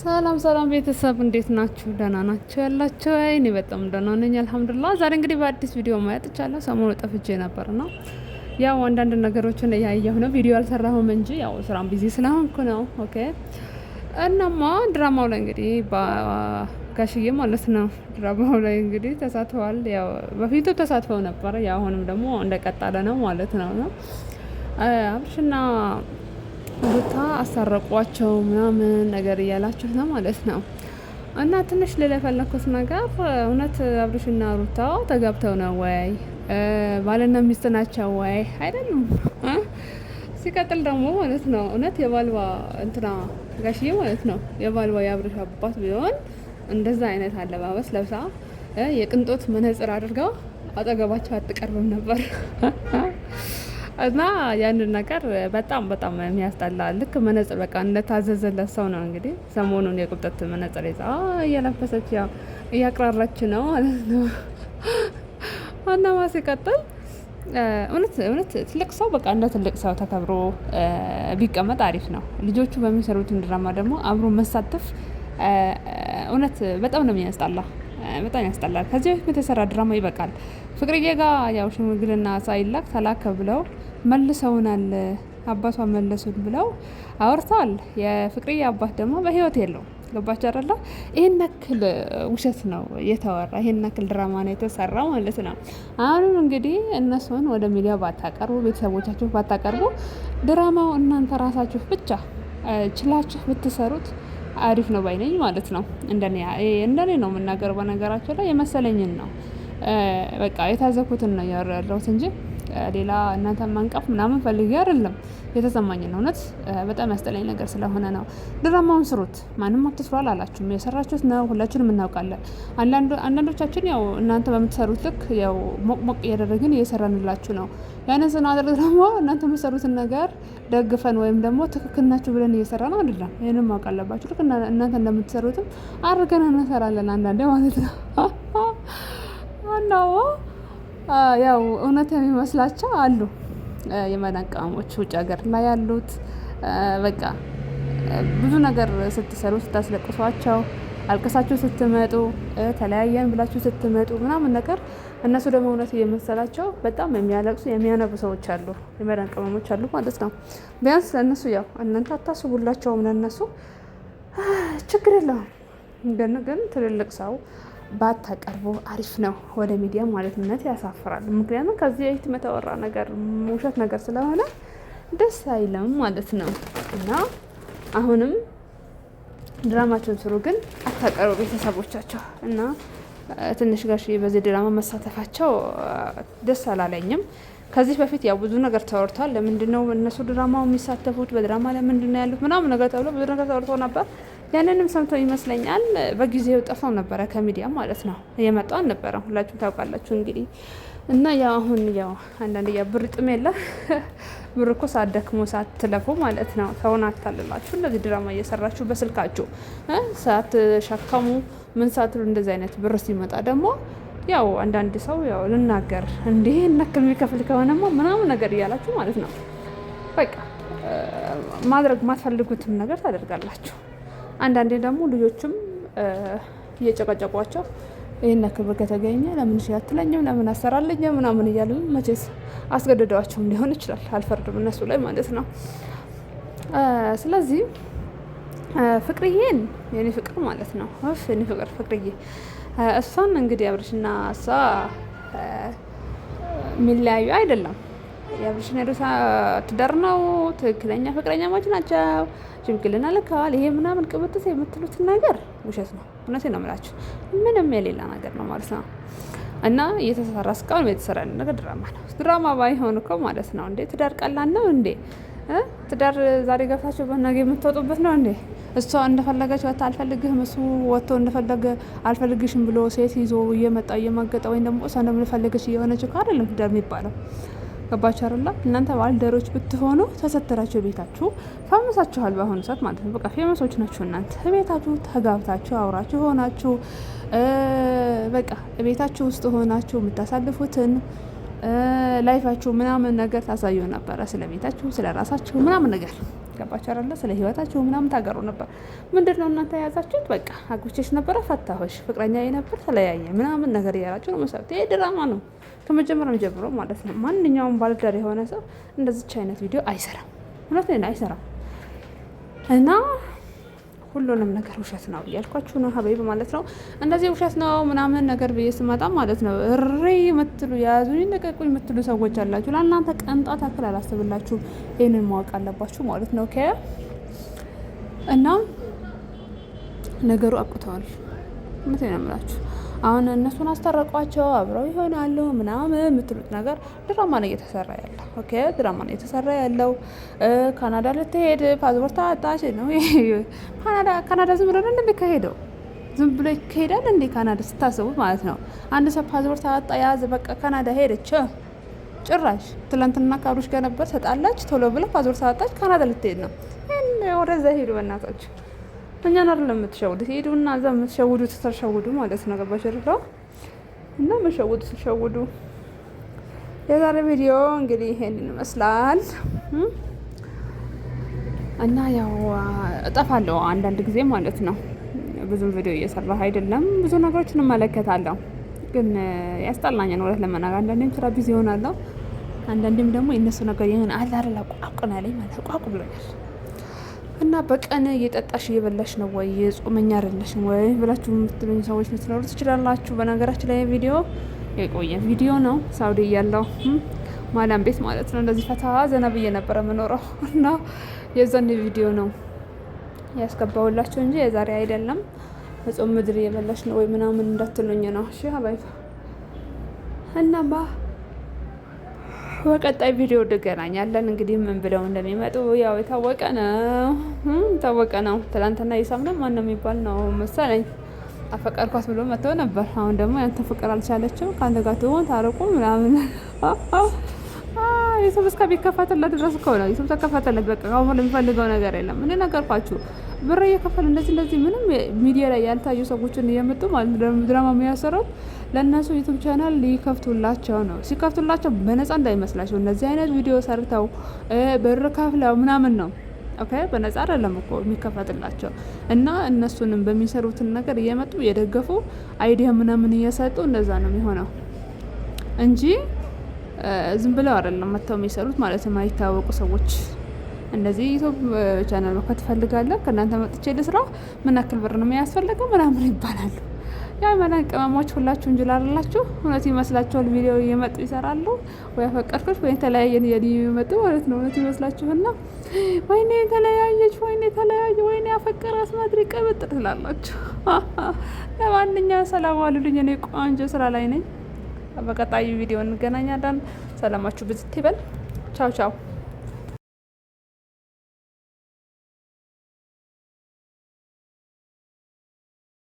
ሰላም ሰላም ቤተሰብ እንዴት ናችሁ? ደህና ናችሁ ያላችሁ? እኔ በጣም ደህና ነኝ አልሐምዱሊላህ። ዛሬ እንግዲህ በአዲስ ቪዲዮ ማያጥቻለሁ። ሰሞኑ ጠፍቼ ነው ያው አንዳንድ ነገሮችን እያየሁ ነው። ቪዲዮ አልሰራሁም እንጂ ያው ስራም ቢዚ ስለሆንኩ ነው። ኦኬ። እናማ ድራማው ላይ እንግዲህ ጋሽዬ ማለት ነው ድራማው ላይ እንግዲህ ተሳትፈዋል። ያው በፊቱ ተሳትፈው ነበር። ያው አሁንም ደግሞ እንደቀጠለ ነው ማለት ነው ነው አብርሽና ሩታ አሳረቋቸው ምናምን ነገር እያላችሁ ነው ማለት ነው። እና ትንሽ ልል የፈለኩት ነገር እውነት አብርሽና ሩታ ተጋብተው ነው ወይ? ባልና ሚስት ናቸው ወይ? አይደሉም። ሲቀጥል ደግሞ ማለት ነው እውነት የባልባ እንትና ጋሽዬ ማለት ነው የባልባ የአብርሽ አባት ቢሆን እንደዛ አይነት አለባበስ ለብሳ የቅንጦት መነጽር አድርጋ አጠገባቸው አትቀርብም ነበር። እና ያን ነገር በጣም በጣም የሚያስጠላ ልክ መነጽር በቃ እንደታዘዘለት ሰው ነው። እንግዲህ ሰሞኑን የቁጠት መነጽር ይዛ እየለፈሰች ያው እያቅራራች ነው ማለት ነው። ዋና ማስ ይቀጥል። እውነት እውነት ትልቅ ሰው በቃ እንደ ትልቅ ሰው ተከብሮ ቢቀመጥ አሪፍ ነው። ልጆቹ በሚሰሩትን ድራማ ደግሞ አብሮ መሳተፍ እውነት በጣም ነው የሚያስጠላ በጣም ያስጠላል። ከዚህ በፊት የተሰራ ድራማ ይበቃል። ፍቅርዬ ጋ ያው ሽምግልና ሳይላክ ተላከ ብለው መልሰውናል፣ አባቷ መለሱን ብለው አውርተዋል። የፍቅርዬ አባት ደግሞ በህይወት የለው ገባቸው አይደለ? ይህን ያክል ውሸት ነው የተወራ፣ ይህን ያክል ድራማ ነው የተሰራ ማለት ነው። አሁንም እንግዲህ እነሱን ወደ ሚዲያ ባታቀርቡ፣ ቤተሰቦቻችሁ ባታቀርቡ፣ ድራማው እናንተ ራሳችሁ ብቻ ችላችሁ ብትሰሩት አሪፍ ነው ባይነኝ ማለት ነው። እንደኔ ነው የምናገረው። በነገራቸው ላይ የመሰለኝን ነው በቃ የታዘኩትን ነው ያለሁት እንጂ ሌላ እናንተ ማንቀፍ ምናምን ፈልጌ አይደለም የተሰማኝን እውነት በጣም ያስጠላኝ ነገር ስለሆነ ነው። ድራማውን ስሩት፣ ማንም አትስሯል አላችሁም የሰራችሁት ነው፣ ሁላችንም እናውቃለን። አንዳንዶቻችን ያው እናንተ በምትሰሩት ልክ ያው ሞቅሞቅ እያደረግን እየሰራንላችሁ ነው። ያንን ስናደርግ ደግሞ እናንተ የምትሰሩትን ነገር ደግፈን ወይም ደግሞ ትክክል ናችሁ ብለን እየሰራ ነው አይደለም። ይህንም ማወቅ አለባችሁ። ልክ እናንተ እንደምትሰሩትም አድርገን እንሰራለን አንዳንዴ ማለት ነው። ያው እውነት የሚመስላቸው አሉ የመዳን ቅመሞች ውጭ ሀገር ላይ ያሉት በቃ ብዙ ነገር ስትሰሩ ስታስለቅሷቸው አልቀሳችሁ ስትመጡ ተለያየን ብላችሁ ስትመጡ ምናምን ነገር እነሱ ደግሞ እውነት እየመሰላቸው በጣም የሚያለቅሱ የሚያነቡ ሰዎች አሉ፣ የመዳን ቅመሞች አሉ ማለት ነው። ቢያንስ ለእነሱ ያው እናንተ አታስቡላቸውም፣ ለእነሱ ችግር የለውም። ግን ግን ትልልቅ ሰው ባታቀርቡ አሪፍ ነው። ወደ ሚዲያ ማለትነት ያሳፍራል። ምክንያቱም ከዚህ በፊት የተወራ ነገር ውሸት ነገር ስለሆነ ደስ አይለም ማለት ነው እና አሁንም ድራማቸውን ስሩ፣ ግን አታቀርቡ ቤተሰቦቻቸው እና ትንሽ ጋሽ በዚህ ድራማ መሳተፋቸው ደስ አላለኝም። ከዚህ በፊት ያው ብዙ ነገር ተወርቷል። ለምንድነው እነሱ ድራማው የሚሳተፉት? በድራማ ለምንድነው ያሉት? ምናምን ነገር ተብሎ ብዙ ነገር ተወርቶ ነበር። ያንንም ሰምተው ይመስለኛል በጊዜው ጠፋው ነበረ ከሚዲያ ማለት ነው። እየመጣው አልነበረም። ሁላችሁም ታውቃላችሁ እንግዲህ እና ያው አሁን ያው አንዳንድ ያ ብር ጥም የለ ብር እኮ ሳትደክሙ ሳትለፉ ማለት ነው። ሰውን አታልላችሁ እንደዚህ ድራማ እየሰራችሁ በስልካችሁ ሳትሸከሙ ምን ሳትሉ እንደዚህ አይነት ብር ሲመጣ ደግሞ ያው አንዳንድ ሰው ያው ልናገር እንዲህ እነክል የሚከፍል ከሆነማ ምናምን ነገር እያላችሁ ማለት ነው። በቃ ማድረግ ማትፈልጉትም ነገር ታደርጋላችሁ። አንዳንዴ ደግሞ ልጆችም እየጨቀጨቋቸው ይህን ክብር ከተገኘ ለምን ሽ አትለኝም ለምን አሰራለኝ ምናምን እያሉ መቼስ አስገድደዋቸውም ሊሆን ይችላል። አልፈርድም እነሱ ላይ ማለት ነው። ስለዚህ ፍቅርዬን የኔ ፍቅር ማለት ነው ፍ የኔ ፍቅር ፍቅርዬ እሷን እንግዲህ አብርሽና እሷ የሚለያዩ አይደለም የአብርሽና የሩታ ትዳር ነው። ትክክለኛ ፍቅረኛ ፍቅረኛሞች ናቸው። ሽምግልና ልከዋል። ይሄ ምናምን ቅብጥስ የምትሉትን ነገር ውሸት ነው። እውነቴ ነው የምላችሁ ምንም የሌላ ነገር ነው ማለት ነው። እና እየተሰራ እስካሁን የተሰራ ነገር ድራማ ነው። ድራማ ባይሆን እኮ ማለት ነው እንዴ ትዳር ቀላል ነው እንዴ? ትዳር ዛሬ ገብታችሁበት ነገ የምትወጡበት ነው እንዴ? እሷ እንደፈለገች ወታ አልፈልግህም፣ እሱ ወጥቶ እንደፈለገ አልፈልግሽም ብሎ ሴት ይዞ እየመጣ እየማገጠ ወይም ደግሞ እሷ እንደምንፈልገች እየሆነች እኮ አይደለም ትዳር የሚባለው ገባችሁ አይደል? እናንተ ባልደሮች ብትሆኑ ተሰተራችሁ ቤታችሁ ፋመሳችኋል። በአሁኑ ሰዓት ማለት ነው። በቃ ፌመሶች ናችሁ እናንተ። ቤታችሁ ተጋብታችሁ አውራችሁ ሆናችሁ በቃ ቤታችሁ ውስጥ ሆናችሁ የምታሳልፉትን ላይፋችሁ ምናምን ነገር ታሳዩ ነበረ። ስለ ቤታችሁ፣ ስለ ራሳችሁ ምናምን ነገር ገባችሁ አይደለ? ስለ ህይወታችሁ ምናምን ታገሩ ነበር። ምንድን ነው እናንተ የያዛችሁት? በቃ አግብቼሽ ነበረ፣ ፈታሁሽ፣ ፍቅረኛ ነበር፣ ተለያየ ምናምን ነገር እያላችሁ ነው መሰረት። ይሄ ድራማ ነው። ከመጀመሪያም ጀምሮ ማለት ነው ማንኛውም ባለዳር የሆነ ሰው እንደዚች አይነት ቪዲዮ አይሰራም። እውነት አይሰራም። እና ሁሉንም ነገር ውሸት ነው እያልኳችሁ ነው ሀበይብ ማለት ነው። እንደዚህ ውሸት ነው ምናምን ነገር ብዬ ስመጣ ማለት ነው እሪ የምትሉ የያዙኝ ልቀቁኝ የምትሉ ሰዎች አላችሁ። ለእናንተ ቀንጣት አክል አላስብላችሁ። ይህንን ማወቅ አለባችሁ ማለት ነው። እና ነገሩ አብቅተዋል። እውነቴን ነው የምላችሁ አሁን እነሱን አስታረቋቸው አብረው ይሆናሉ ምናምን የምትሉት ነገር ድራማ ነው እየተሰራ ያለው። ኦኬ ድራማ ነው እየተሰራ ያለው። ካናዳ ልትሄድ ፓስፖርት አጣች ነው። ካናዳ ዝም ብሎ እንደሚካሄደው ዝም ብሎ ይካሄዳል እንዴ? ካናዳ ስታስቡ ማለት ነው። አንድ ሰው ፓስፖርት አጣ፣ ያዝ፣ በቃ ካናዳ ሄደች። ጭራሽ ትላንትና ከአብሮች ጋር ነበር ሰጣላች፣ ቶሎ ብለ ፓስፖርት አጣች፣ ካናዳ ልትሄድ ነው። ወደዛ ሄዱ በእናታችሁ እኛን አይደለም የምትሸውዱት። ሄዱና እዛ የምትሸውዱት ስትሸውዱ ማለት ነው። ገባችሁ አይደል? እና መሸውዱ ስትሸውዱ። የዛሬ ቪዲዮ እንግዲህ ይሄን ይመስላል እና ያው እጠፋለሁ አንዳንድ ጊዜ ማለት ነው። ብዙም ቪዲዮ እየሰራሁ አይደለም። ብዙ ነገሮችን እመለከታለሁ፣ ግን ያስጠላኛል እውነት ለመናገር አንዳንዴም ስራ ቢዚ ይሆናለሁ። አንዳንዴም ደግሞ የእነሱ ነገር ይህን አላርላ ቋቁናለኝ ማለት ቋቁ ብሎኛል። እና በቀን እየጠጣሽ እየበላሽ ነው ወይ ጾመኛ አይደለሽ ወይ ብላችሁ የምትሉኝ ሰዎች ልትኖሩ ትችላላችሁ። በነገራችን ላይ ቪዲዮ የቆየ ቪዲዮ ነው። ሳውዲ እያለው ማዳም ቤት ማለት ነው እንደዚህ ፈታ ዘና ብዬ ነበረ የምኖረው እና የዛን ቪዲዮ ነው ያስገባውላቸው እንጂ የዛሬ አይደለም። በጾም ምድር እየበላሽ ነው ወይ ምናምን እንዳትሉኝ ነው። እሺ አባይፋ እናማ በቀጣይ ቪዲዮ እንገናኛለን። እንግዲህ ምን ብለው እንደሚመጡ ያው የታወቀ ነው የታወቀ ነው። ትላንትና ይሳም ማን ነው የሚባል ነው መሰለኝ አፈቀርኳት ብሎ መጥተው ነበር። አሁን ደግሞ ያንተ ፍቅር አልቻለችም ከአንተ ጋር ትሆን ታረቁ ምናምን ዩቱብ እስከሚከፈትለት ድረስ ከሆነ ዩቱብ ተከፈተለት በቃ። ሁ የሚፈልገው ነገር የለም። እኔ ነገርኳችሁ ብር እየከፈሉ እንደዚህ እንደዚህ ምንም ሚዲያ ላይ ያልታዩ ሰዎችን እየመጡ ድራማ የሚያሰሩት ለእነሱ ዩቱብ ቻናል ሊከፍቱላቸው ነው። ሲከፍቱላቸው በነፃ እንዳይመስላቸው እነዚህ አይነት ቪዲዮ ሰርተው ብር ከፍለው ምናምን ነው። ኦኬ በነፃ አይደለም እኮ የሚከፈትላቸው እና እነሱንም በሚሰሩትን ነገር እየመጡ እየደገፉ አይዲያ ምናምን እየሰጡ እንደዛ ነው የሚሆነው እንጂ ዝም ብለው አይደለም መጥተው የሚሰሩት ማለት ነው። የማይታወቁ ሰዎች እንደዚህ ዩቱብ ቻናል መክፈት ትፈልጋለህ? ከእናንተ መጥቼ ልስራ? ምን ያክል ብር ነው የሚያስፈልገው? ምናምን ይባላሉ። የአይመዳን ቅመሞች ሁላችሁ እንጂ እውነት ይመስላችኋል። ቪዲዮ እየመጡ ይሰራሉ ወይ አፈቀርኩሽ ወይ ተለያየን እያሉ የሚመጡ ማለት ነው። እውነት ይመስላችሁና ወይኔ የተለያየች፣ ወይኔ የተለያየ፣ ወይኔ ያፈቀራት ማድሪ ቀበጥር ትላላችሁ። ለማንኛውም ሰላም አሉልኝ። እኔ ቆንጆ ስራ ላይ ነኝ። በቀጣዩ ቪዲዮ እንገናኛለን። ሰላማችሁ ብዝት ይበል። ቻው ቻው።